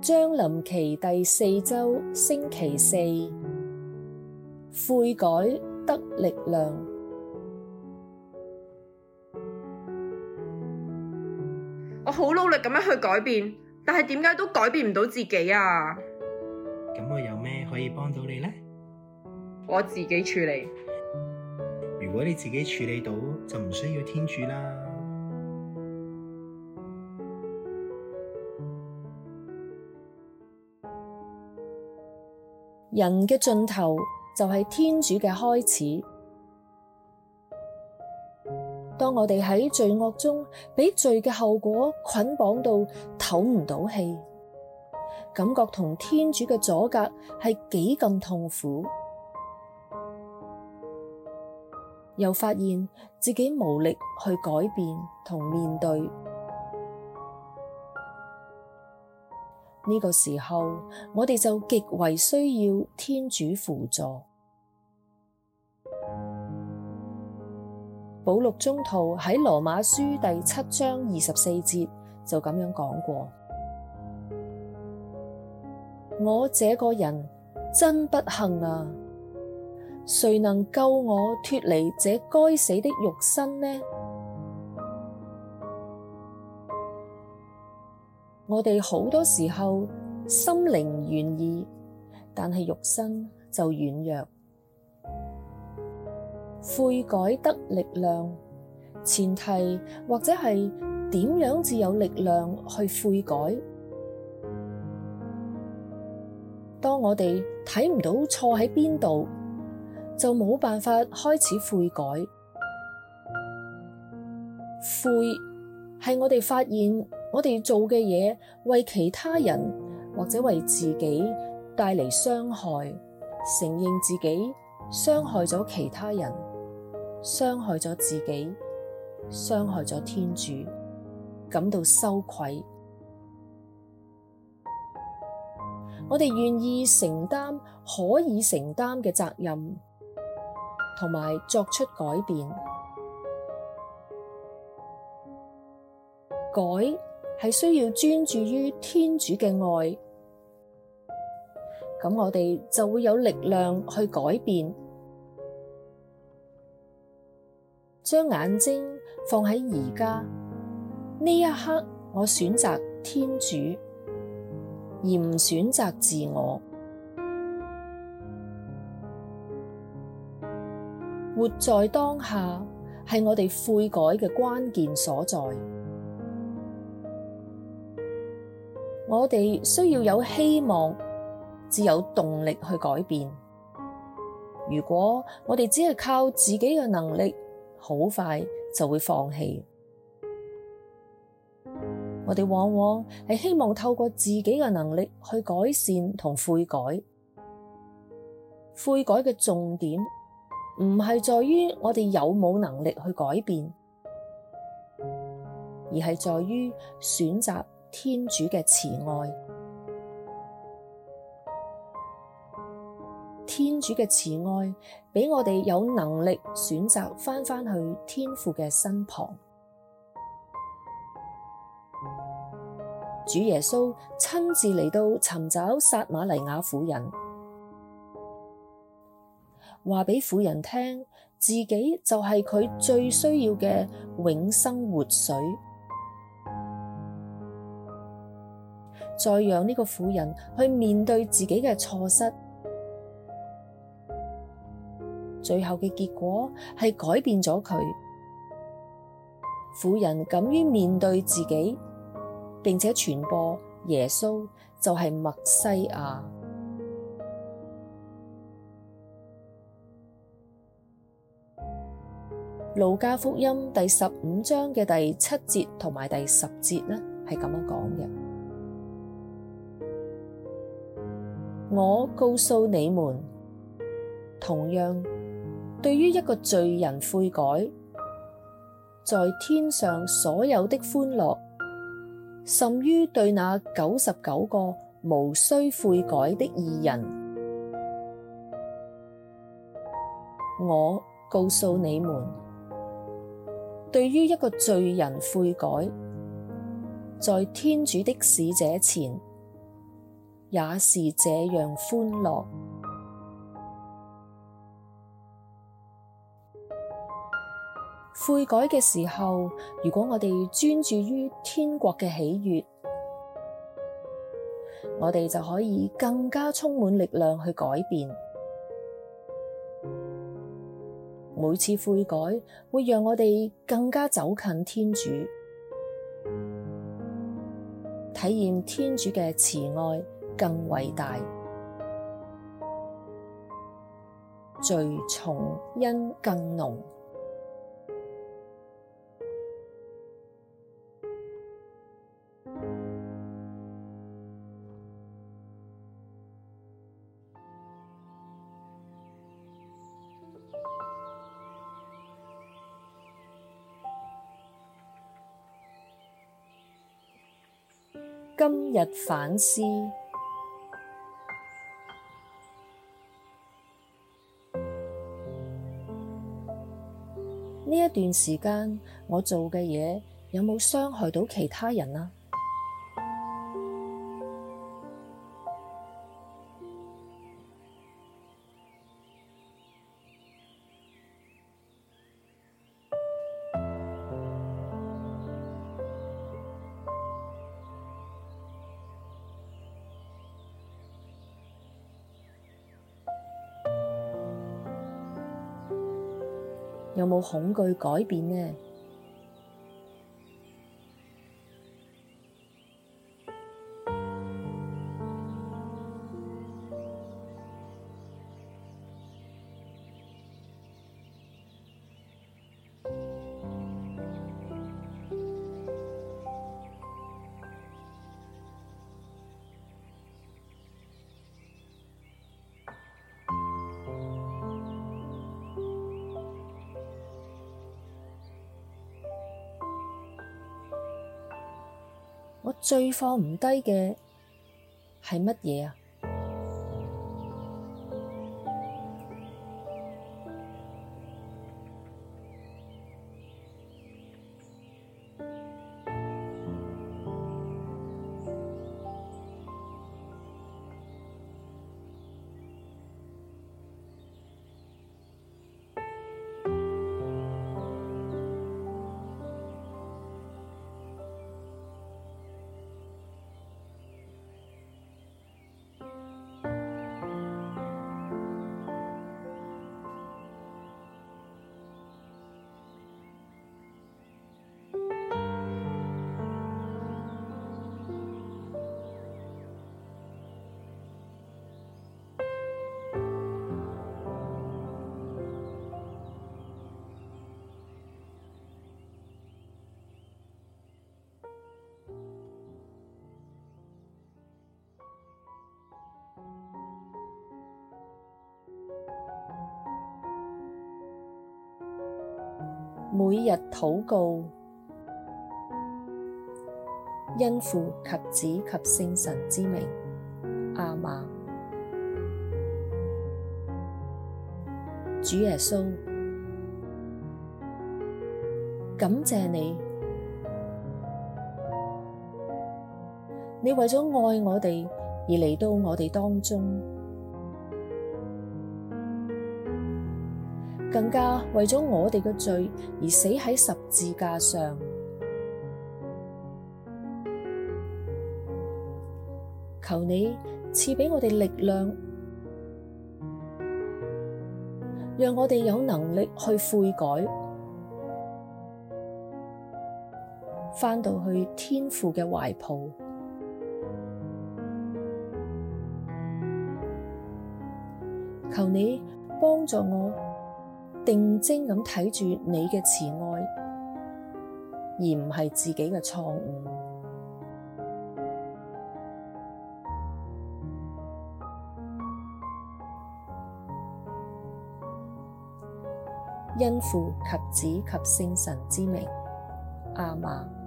將臨期第四周星期四，悔改得力量，我好努力咁樣去改變，但係點解都改變唔到自己啊？咁我有咩可以幫到你呢？我自己處理。如果你自己處理到，就唔需要天主啦。人嘅盡頭就係天主嘅開始。當我哋喺罪惡中，俾罪嘅後果捆綁到唞唔到氣，感覺同天主嘅阻隔係幾咁痛苦，又發現自己無力去改變同面對。呢個時候，我哋就極為需要天主扶助。保祿宗徒喺羅馬書第七章二十四節就咁樣講過：我這個人真不幸啊！誰能救我脱離這該死的肉身呢？我哋好多時候心靈願意，但係肉身就軟弱。悔改得力量前提，或者係點樣至有力量去悔改？當我哋睇唔到錯喺邊度，就冇辦法開始悔改。悔。係我哋發現，我哋做嘅嘢，為其他人或者為自己帶嚟傷害，承認自己傷害咗其他人，傷害咗自己，傷害咗天主，感到羞愧。我哋願意承擔可以承擔嘅責任，同埋作出改變。改係需要專注於天主嘅愛，咁我哋就會有力量去改變，將眼睛放喺而家，呢一刻我選擇天主而唔選擇自我，活在當下係我哋悔改嘅關鍵所在。我哋需要有希望，才有動力去改變。如果我哋只係靠自己嘅能力，好快就會放棄。我哋往往係希望透過自己嘅能力去改善同悔改。悔改嘅重點唔係在於我哋有冇能力去改變，而係在於選擇，天主嘅慈愛，天主嘅慈愛俾我哋有能力選擇返返去天父嘅身旁。主耶穌親自嚟到尋找撒瑪黎雅婦人，話俾婦人聽，自己就係佢最需要嘅永生活水。再讓呢個婦人去面對自己嘅錯失，最後嘅結果係改變咗佢。婦人敢於面對自己，並且傳播耶穌就係默西亞。路加福音第十五章嘅第七節同埋第十節呢，係咁樣講嘅。我告訴你們，同樣對於一個罪人悔改，在天上所有的歡樂，甚於對那九十九個無需悔改的義人。我告訴你們，對於一個罪人悔改，在天主的使者前，也是這樣歡樂。悔改嘅時候，如果我哋專注於天國嘅喜悅，我哋就可以更加充滿力量去改變。每次悔改會讓我哋更加走近天主，體驗天主嘅慈愛。更偉大，罪重，恩更濃。今日反思。呢段時間，我做嘅嘢有冇傷害到其他人啊？有冇恐懼改變呢？我最放唔低嘅係乜嘢啊？每日禱告，因父及子及聖神之名，阿們。主耶穌，感謝你，你為咗愛我哋而嚟到我哋當中。更加為咗我哋嘅罪而死喺十字架上，求你賜畀我哋力量，讓我哋有能力去悔改，返到去天父嘅懷抱。求你幫助我。定睛咁睇住你嘅慈愛，而唔係自己嘅錯誤。因 父及子及聖神之名，阿們。